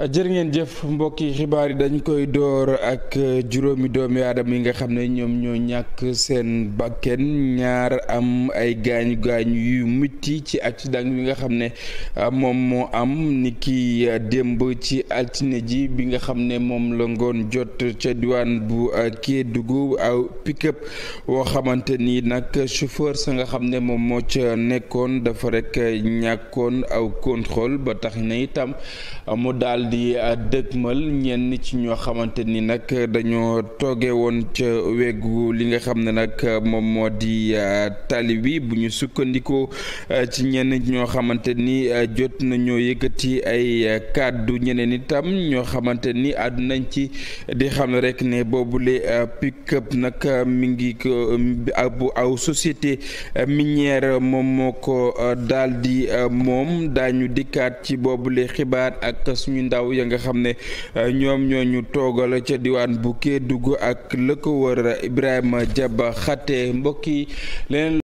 jërë ngeen jëf mbokki xibaar yi dañ koy door ak uh, juróomi doomi aadama yi nga xam ne ñoom ñoo ñàkk seen bakken ñaar am ay gaañu gaañu yu mitti ci accident bi nga xam ne uh, moom moo am ni ki uh, démb ci altine ji bi nga xam ne moom la ngoon jot ca diwaan bu Kédougou aw pick-up woo xamante ni nag chauffeur sa nga xam ne moom moo ca nekkoon dafa rek ñàkkoon aw contrôle ba tax na itam mu daal di euh, dëgmal ñenn ci ñoo xamante ni nag dañoo tooge woon ca weggu li nga xam ne nag moom moo di euh, tali bi bu ñu sukkandikoo euh, ci ñenn ñoo xamante ni jot nañoo yëkkati ay kàddu ñeneen itam ñoo xamante ni àddunañ ci di xam ne rek ne boobule pick-up nag mi ngi ko bu aw société minière moom moo ko daal di moom daañu dikkaat ci boobule xibaar ak suñu ndaw ya nga xam ne euh, ñoom ñoo ñu toogal ca diwaan bu Kédougou ak la ko wër Ibrahima Diaba Xate mbokk yi